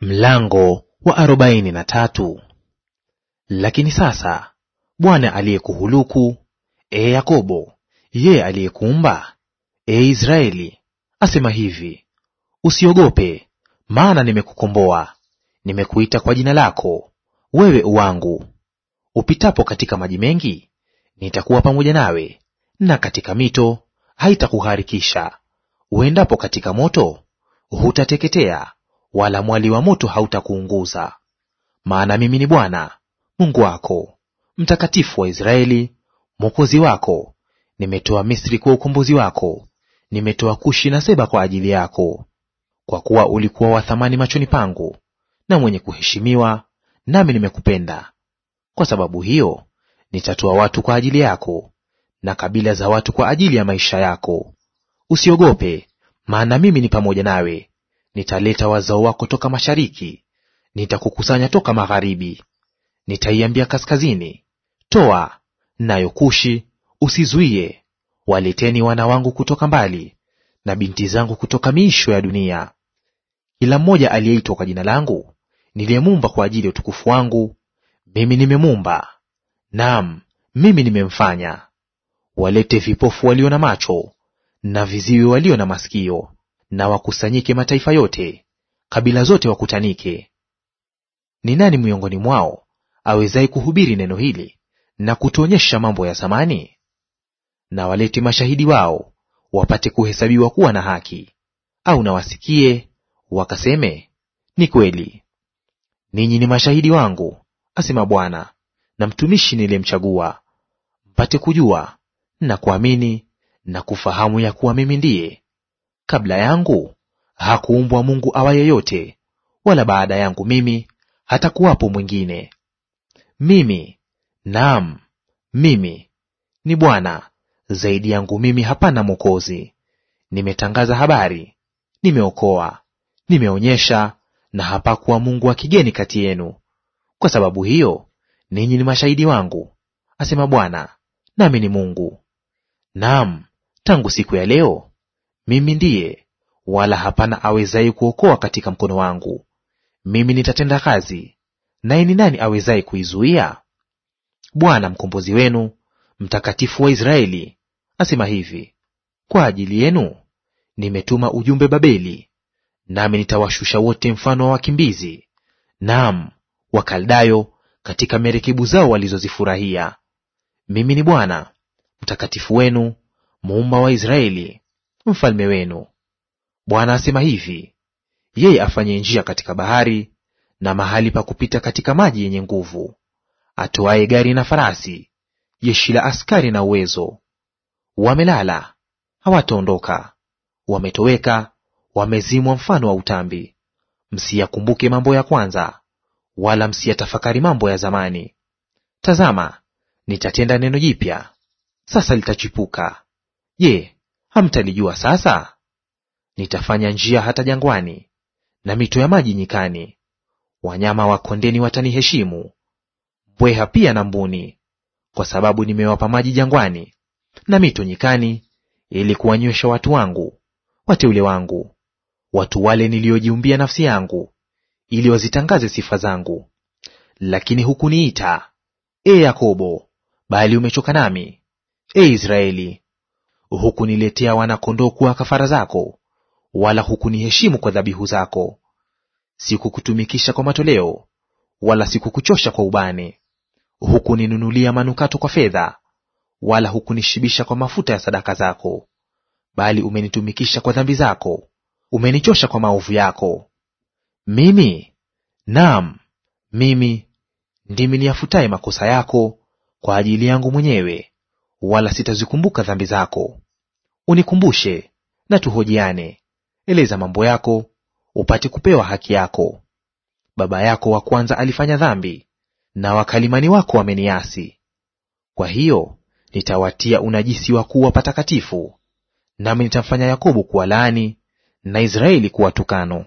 Mlango wa arobaini na tatu. Lakini sasa Bwana aliyekuhuluku, e Yakobo, yeye aliyekuumba, e Israeli, asema hivi: Usiogope, maana nimekukomboa; nimekuita kwa jina lako, wewe uwangu. Upitapo katika maji mengi, nitakuwa pamoja nawe, na katika mito haitakuharikisha; uendapo katika moto, hutateketea wala mwali wa moto hautakuunguza. Maana mimi ni Bwana Mungu wako, mtakatifu wa Israeli, mwokozi wako. Nimetoa Misri kwa ukombozi wako, nimetoa Kushi na Seba kwa ajili yako. Kwa kuwa ulikuwa wa thamani machoni pangu na mwenye kuheshimiwa, nami nimekupenda. Kwa sababu hiyo nitatoa watu kwa ajili yako na kabila za watu kwa ajili ya maisha yako. Usiogope, maana mimi ni pamoja nawe Nitaleta wazao wako toka mashariki, nitakukusanya toka magharibi. Nitaiambia kaskazini, toa, nayo Kushi usizuie. Waleteni wana wangu kutoka mbali na binti zangu kutoka miisho ya dunia. Kila mmoja aliyeitwa kwa jina langu, niliyemumba kwa ajili ya utukufu wangu, mimi nimemumba; naam, mimi nimemfanya. Walete vipofu walio na macho na viziwi walio na masikio na wakusanyike mataifa yote, kabila zote wakutanike. Ni nani miongoni mwao awezaye kuhubiri neno hili na kutuonyesha mambo ya zamani? Na walete mashahidi wao wapate kuhesabiwa kuwa na haki, au na wasikie wakaseme ni kweli. Ninyi ni mashahidi wangu, asema Bwana, na mtumishi niliyemchagua, mpate kujua na kuamini na kufahamu ya kuwa mimi ndiye Kabla yangu hakuumbwa Mungu awa yote, wala baada yangu mimi hatakuwapo mwingine. Mimi, naam mimi, ni Bwana; zaidi yangu mimi hapana mwokozi. Nimetangaza habari, nimeokoa, nimeonyesha, na hapakuwa mungu wa kigeni kati yenu. Kwa sababu hiyo ninyi ni mashahidi wangu, asema Bwana, nami ni Mungu. Naam, tangu siku ya leo mimi ndiye, wala hapana awezaye kuokoa katika mkono wangu. Mimi nitatenda kazi, naye ni nani awezaye kuizuia? Bwana mkombozi wenu, mtakatifu wa Israeli, asema hivi, kwa ajili yenu nimetuma ujumbe Babeli, nami nitawashusha wote mfano wa wakimbizi, naam Wakaldayo katika merekebu zao walizozifurahia. Mimi ni Bwana mtakatifu wenu, muumba wa Israeli mfalme wenu. Bwana asema hivi, yeye afanye njia katika bahari na mahali pa kupita katika maji yenye nguvu, atoaye gari na farasi, jeshi la askari na uwezo. Wamelala, hawataondoka; wametoweka, wamezimwa mfano wa utambi. Msiyakumbuke mambo ya kwanza, wala msiyatafakari mambo ya zamani. Tazama, nitatenda neno jipya; sasa litachipuka. Je, Hamtalijua sasa? Nitafanya njia hata jangwani na mito ya maji nyikani. Wanyama wa kondeni wataniheshimu, mbweha pia na mbuni, kwa sababu nimewapa maji jangwani na mito nyikani, ili kuwanywesha watu wangu, wateule wangu, watu wale niliojiumbia nafsi yangu, ili wazitangaze sifa zangu. Lakini hukuniita, e Yakobo, bali umechoka nami; e Israeli, hukuniletea wana-kondoo kuwa kafara zako, wala hukuniheshimu kwa dhabihu zako. Sikukutumikisha kwa matoleo, wala sikukuchosha kwa ubane. Hukuninunulia manukato kwa fedha, wala hukunishibisha kwa mafuta ya sadaka zako. Bali umenitumikisha kwa dhambi zako, umenichosha kwa maovu yako. Mimi, naam, mimi ndimi niyafutaye makosa yako kwa ajili yangu mwenyewe, wala sitazikumbuka dhambi zako unikumbushe na tuhojiane; eleza mambo yako, upate kupewa haki yako. Baba yako wa kwanza alifanya dhambi, na wakalimani wako wameniasi. Kwa hiyo nitawatia unajisi wakuu wa patakatifu, nami nitamfanya Yakobo kuwa laani na Israeli kuwa tukano.